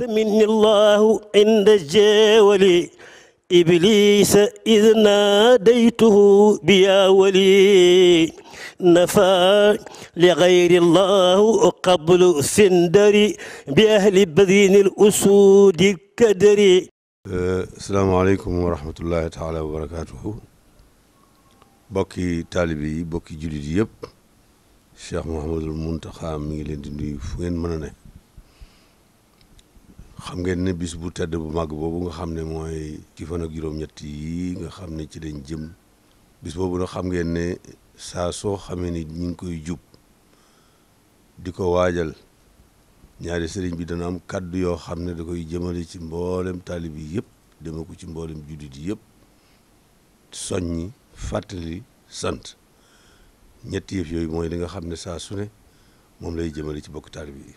ليس مني الله عند الجاول إبليس إذ ناديته بيا ولي نفى لغير الله قبل سندري بأهل بذين الأسود الكدري السلام عليكم ورحمة الله تعالى وبركاته بكي طالبي بكي جلدي يب cheikh Mouhamadul Mountakha mi ngi leen di nuyu fu ngeen mën a ne xam ngeen ne bis bu tedd bu màgg boobu nga xam ne mooy ci fan ak juróom-ñett yi nga xam ne ci dañ jëm bis boobu nag xam ngeen ne saa soo ne ni ñu ngi koy jub di ko waajal ñaari sëriñ bi dana am kàddu yoo xam ne da koy jëmale ci mboolem taalib yi yëpp dema ko ci mboolem juddit yëpp soññi fàttali sant ñetti yëf yooyu mooy li nga xam ne saa su ne moom lay jëmale ci bokk taalib yi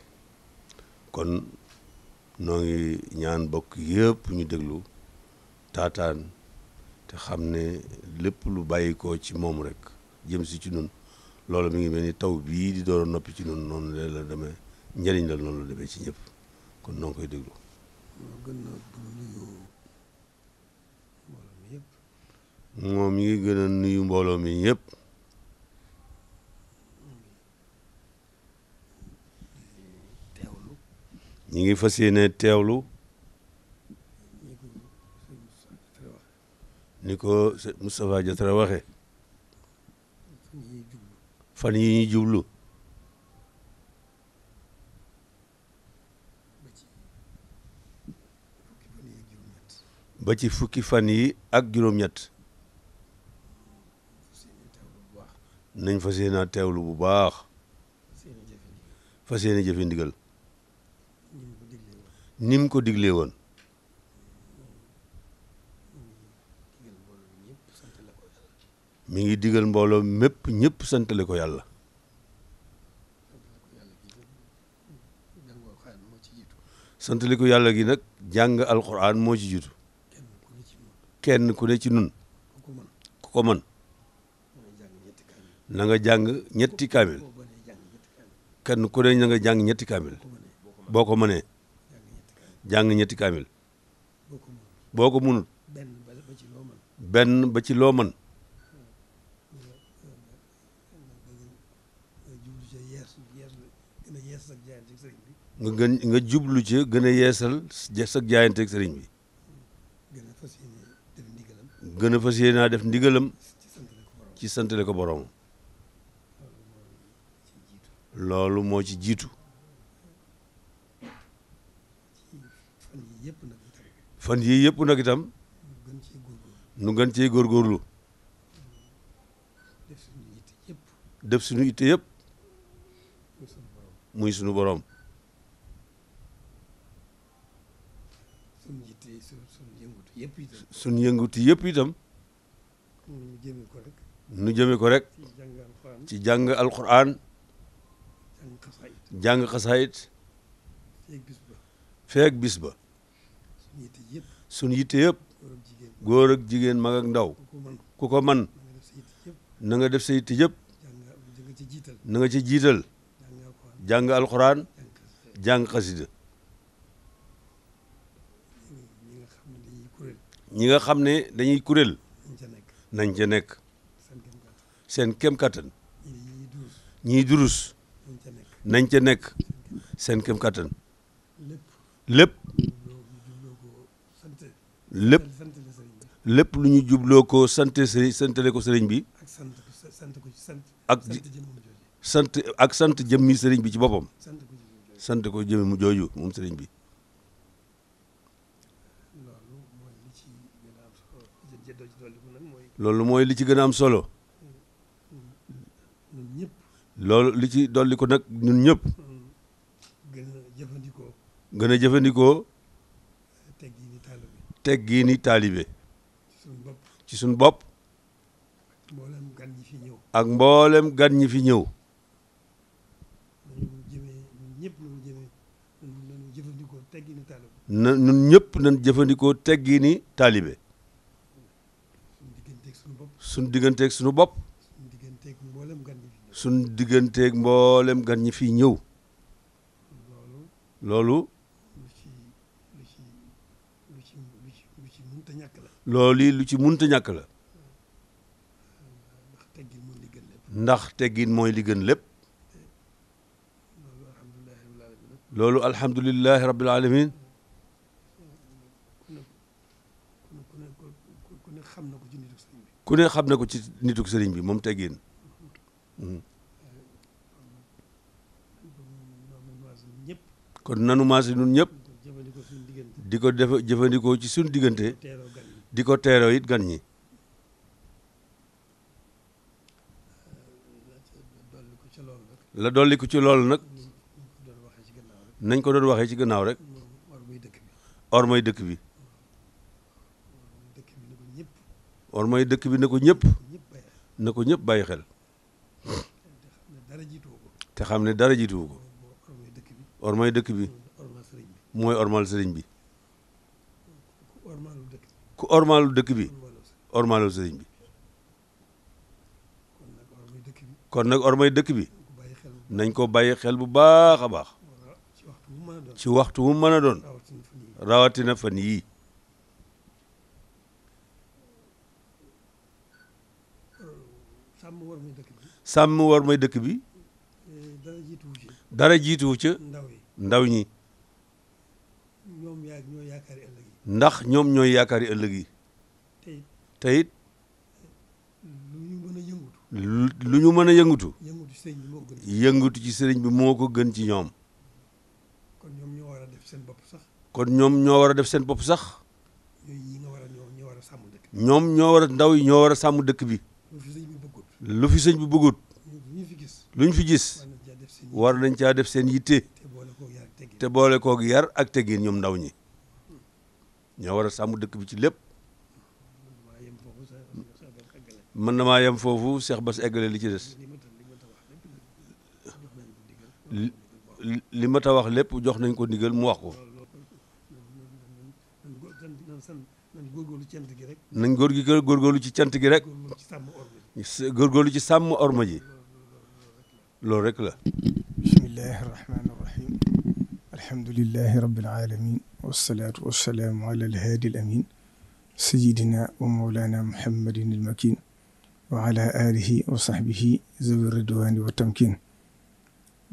noo ngi ñaan bokk yëpp ñu déglu taataan te xam ne lépp lu bàyyi ko ci moom rek jëm si ci nun loolu mi ngi mel ni taw bii di door a noppi ci nun noonu la la demee la noonu la demee ci ñëpp kon noo ngi koy déglu. moom mi ngi gën a nuyu mbooloo mi yëpp. ñi ngi fas yéene teewlu ni ko Moustapha Diatra waxe fan yi ñu jublu ba ci fukki fan yi ak juróom-ñett nañ fas yéene teewlu bu baax fas yéene jëfe ni mu ko diglee woon mu ngi digal mbooloo mépp ñëpp santale ko yàlla santale ko yàlla gi nag jàng alxuraan moo ci jiitu kenn ku ne ci nun ku ko mën nanga jàng ñetti kaamil kenn ku ne na nga jàng ñetti kaamil boo ko mënee jàng ñetti kaamil boo ko munut benn ba ci looman mën nga gën nga jublu ci gën a yeesal sa jaayante sëriñ bi gën a fas yéene def ndigalam ci santale ko borom loolu moo ci jiitu fan yii yëpp nag itam nu gën cee góorgóorlu def suñu itte yëpp muy suñu borom suñu yënguti yëpp itam nu jëme ko rek ci jàng alquran jàng xasaayit feek bis ba sunu yitte yëpp góor ak jigéen mag ak ndaw ku man nanga nga def sa yitte yëpp na nga ci jiital jàng alxuraan jàng xasida ñi nga xam ne dañuy kuréel nañ ca nekk seen kem kattan ñiy durus nañ ca nekk seen kem kattan lépp lépp lépp lu ñu jubloo ko sant sëriñ santale ko sëriñ bi ak sant ak sant jëmmi sëriñ bi ci boppam sant ko jëmmi mu jooju moom sëriñ bi loolu mooy li ci gën a am solo loolu li ci dolli ko nag ñun ñëpp gën a jëfandikoo gën a jëfandikoo teggiini taalibe ci suñ bopp mboolem gan ñi fi ñëw ak mboolem gan ñi fi ñëw na ñun ñëpp nañ jëfandikoo teggiini taalibe suñ digganteek suñu bopp suñ digganteek mboolem gan ñi fi ñëw loolu loolu lu ci munta ñàkk la ndax teggin mooy li gën lépp loolu alhamdulilahi rabbil alamin ku ne xam na ko ci nituk sëriñ bi moom teggin hmm. kon nanu maase nun ñëpp di ko def jëfandikoo ci suñu diggante di ko teeroo it gan ñi la dolli ko ci lool nag nañ ko doon waxee ci gannaaw rek or mooy dëkk bi or dëkk bi na ko ñëpp na ko ñëpp bàyyi xel te xam ne dara jiituwu ko or dëkk bi mooy ormal sëriñ bi ku ormaalu dëkk bi ormaalu sëriñ bi kon nag ormay dëkk bi nañ ko bàyyi xel bu baax a baax ci waxtu mu mën a doon rawatina fan yii sàmm war may dëkk bi dara jiituwu ca ndaw ñi ndax ñoom ñooy yaakaar yi ëllëg yi lu ñu mën a yëngutu yëngutu ci sëriñ bi moo ko gën ci ñoom kon ñoom ñoo war a def seen bopp sax kon ñoom ñoo war a def seen bopp sax ñoom ñoo war a ndaw yi ñoo war a sàmm dëkk bi lu fi sëñ bi bëggut lu ñu fi gis war nañ caa def seen yitte te boole kook yar ak teggin ñoom ndaw ñi ñoo war a sàmm dëkk bi ci lépp mën na maa yem foofu Cheikh Bass eggale li ci des li mat a wax lépp jox nañ ko ndigal mu wax ko nañ góor gi góorgóorlu ci cant gi rek góorgóorlu ci sàmm orma ji loolu rek la alhamdulilahi rabbil alamin wassalaatu wassalaamu ala alhaadi amin sayidina wa muhammadin al makin alihi wa zawi ridwaani wa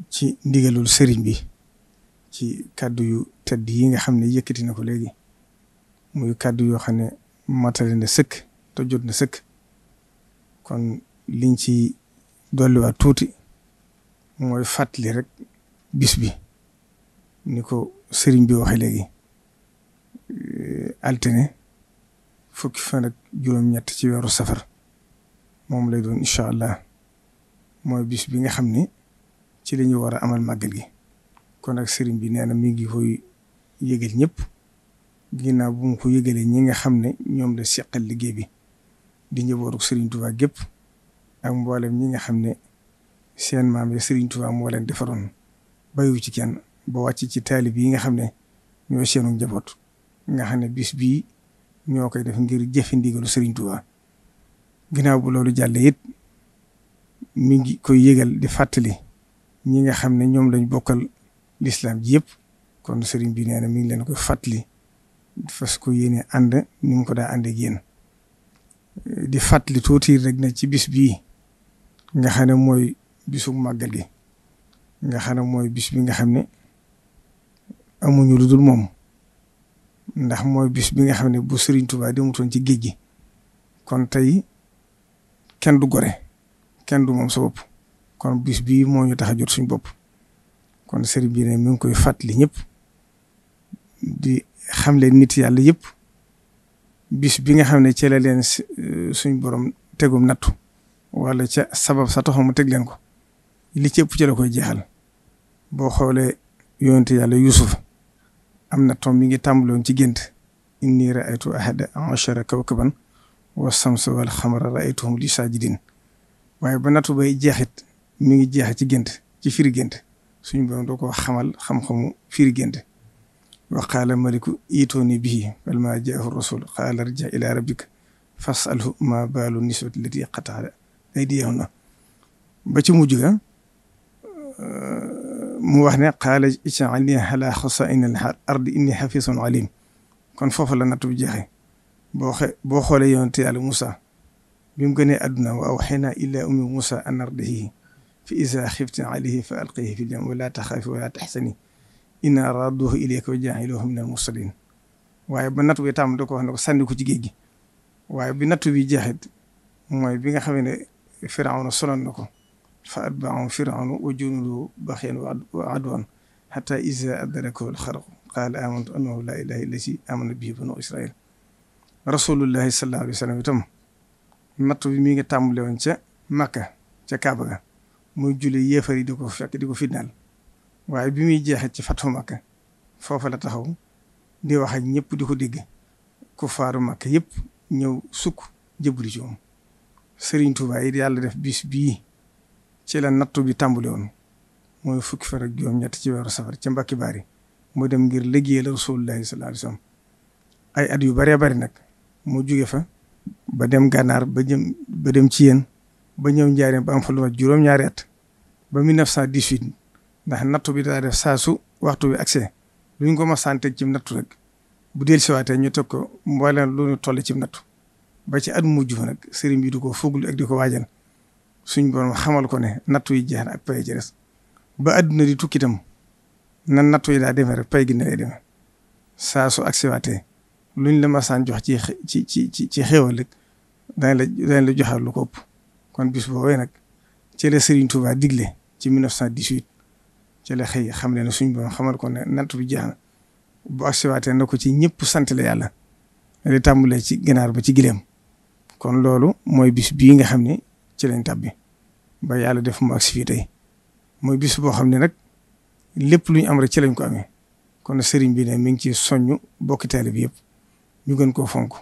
ci ndigalul sëriñ bi ci kàddu yu yi nga xam ne yëkkati na ko léegi muy kàddu yoo xam ne matale na sëkk te jot sëkk kon liñ ci dolliwaat tuuti mooy rek bis bi ni ko sëriñ bi waxee léegi eh, altine fukki fan ak juróom-ñett ci weeru safar moom lay doon incha allah mooy bis bi nga xam ni ci la ñu war a amal màggal gi kon ak sëriñ bi nee na mi ngi koy yëgal ñëpp ginnaaw bu mu ko yëgalee ñi nga xam ne ñoom la seqal liggéey bi di njëbooru sëriñ Tuubaa gépp ak mbooleem ñi nga xam ne seen maam ya sëriñ Tuubaa moo leen defaroon bayu ci kenn. ba wàcc ci taalib yi nga xam ne ñooy seenu njaboot nga xam ne bis bii ñoo koy def ngir jëfe ndigalu Sëriñ Tuubaa ginnaaw bu loolu jàll it mi ngi koy yëgal di fàttali ñi nga xam ne ñoom lañ bokkal lislaam ji yëpp kon sëriñ bi nee na mi ngi leen ko fàttali fas ko yéene ànd ni ngi ko daa ànd ak di fàttali tuuti rek na ci bis bii nga xam ne mooy bisu màggal gi nga xam ne mooy bis bi nga xam ne amuñu lu dul moom ndax mooy bis bi nga xam ne bu Serigne Touba demutoon ci géej gi kon tey kenn du gore kenn du moom sa bopp kon bis bii moo ñu tax a jot suñu bopp kon Serigne bi ne mi ngi koy fàttali ñëpp di xam leen nit yàlla yëpp bis bi nga xam ne ci la leen euh, suñ borom tegum nattu wala ca sabab sa taxaw mu teg leen ko li ci ëpp ci koy jeexal boo xoolee yonent yàlla Yuusuf am na tom mi ngi tàmbaloon ci gént inni raaytu ahada ashara kawkaban wa samsa wal xamara raaytuhum li saajidin waaye ba natu bay jeexit mi ngi jeex ci gént ci firi gént suñ borom doo ko xamal xam-xamu firi gént wa qaala maliku iitooni bihi falammaa jaahu rasul qaala rja ila rabbika fasalhu ma baalu niswati lati qataada aydiyahunna ba ci mujj ga mu wax ne qaala ij'alni ala xasaa'ini al-ardi inni xafisun alim kon foofu la nattu jeexee boo xe boo xoolee yonent yàlla Moussa bi mu gënee àdduna wa awxayna ila ummi Moussa an ardihi fa iza xifti alayhi fa alqihi fi ljam wala taxaafi wala taxsani waaye ba nattu bi tam da ko wax ci géej gi waaye bi nattu bi jeexit mooy bi nga xam ne Firawna sonal na ko fa atbaahum firawnu wa junudu baxyan wa adwan xata isa adrakahu alxaraqu qaala amantu annahu laa ilaha illa si amana bihi banu israil rasulullahi sallallahu alayhi wa sallam itam nattu bi mi nga tàmbale woon ca Makka ca Kaaba ga muy jule yéefar yi di ko fekk di ko fitnaal waaye bi muy jeexee ci fatu Makka foofa la taxaw di wax ak ñëpp di ko dégg ku faaru Makka yëpp ñëw sukk jëbali ci moom Sëriñ Tuubaa yi yàlla def bis bii ci la nattu bi tàmbali woon mooy fukki fan ak juróom-ñett ci weeru safar ci mbakki baari mu dem ngir liggéeyal rasulullahi sallallahu alayhi wasallam ay at yu bëree bëri nag mu juge fa ba dem gànnaar ba jëm ba dem ci yéen ba ñëw njaareen ba am fa lu mat juróom-ñaari at ba 1918 ndax nattu bi daa saa su waxtu bi accès lu ko ma sante ci nattu rek bu del siwaatee ñu teg ko mbooleem lu ñu toll ci nattu ba ci at mujj fa nag sëriñ bi du ko fuglu ak di ko waajal suñ borom xamal ko ne nattu yi jeex na ak pay ci des ba àdduna di tukki itam nan nattu yi daa demee rek pay gi ne lay saa su agsiwaatee luñ la masaan jox ci ci ci ci ci xéewal rek dañ la dañ lu ko ëpp kon bis boobee nag ci la Serigne Touba digle ci 1918 ci la xëy xam ne ne suñ borom xamal ko ne nattu bi jeex na bu agsiwaatee na ko ci ñëpp sant la yàlla. li tàmbalee ci ginaar ba ci gileem kon loolu mooy bis bii nga xam ne ci lañ tàbbi ba yàlla def mu agsi mooy biss boo xam ne nag lépp luñ am rek ci ko amee kon sëriñ bi ne mi ngi ci soññ bokki taalibe bi yëpp ñu gën koo fonk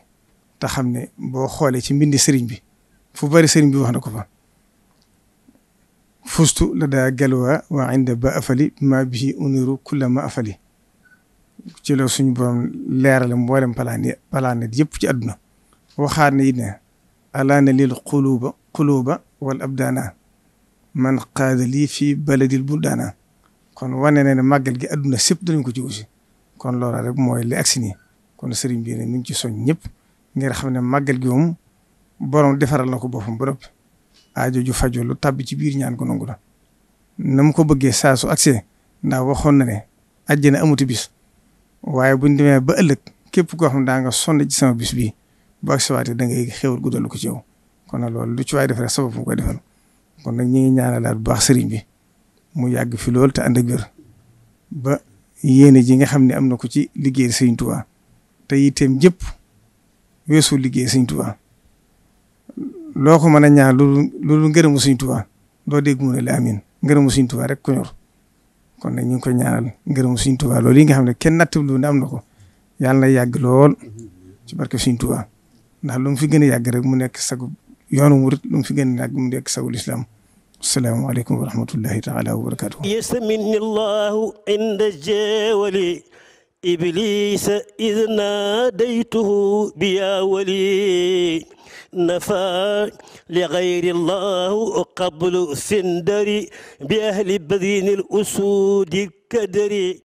te xam ne boo xoolee ci mbindi sëriñ bi fu bari sëriñ bi wax na ko fa fustu la daa galwa wa inda ba afali ma bihi uniru kulla ma afali ci la suñu borom leerale mboolem palaane palaanet ci àdduna waxaat na it ne alaana lil quluba quluba wal daana man qaada lii fii baladil buldaana kon wane na ne màggal gi adduna sépp danañ ko ci aussi kon loola rek mooy li agsi nii kon sëriñ bi ne ngi ci soñ ñëpp ngir xam ne màggal gi moom borom defaral na ko boppam bërëb ju fajoo lu tàbbi ci biir ñaan ko nangu la na ko bëggee saa su agsee waxoon na ne àjjana amuti bis waaye buñ demee ba ëllëg képp koo xam daa nga sonn ci bis bii boo agsiwaatee da ngay xéwal guddal ko ci yow kon a lool lu ci waay def rek sabab mu koy defal kon nag ñu ngi ñaanalaat bu baax sëriñ bi mu yàgg fi lool te ànd ak ba yéene ji nga xam ne am na ko ci liggéey sëriñ Tuubaa te itam jëpp weesu liggéey sëriñ Tuubaa loo ko mën a ñaan loolu ngërëmu sëriñ loo dégg mu ne la amiin ngërëmu sëriñ Tuubaa rek ko kon nag ñu ngi koy ñaanal ngërëmu sëriñ Tuubaa loolu yi nga xam ne kenn nattablu ne am na ko yàlla na yàgg lool ci barke sëriñ Tuubaa ndax lu mu fi a mu nekk sagu yoonu murit lu mu fi gën a yàgg mu nekk sagu lislaam asalaamaaleykum wa rahmatullahi taala wa barakaatu yasmini llahu inda jawali id naadaytuhu bi yaa wali nafa li gayri llahu qablu sindari bi ahli badini l usudi kadari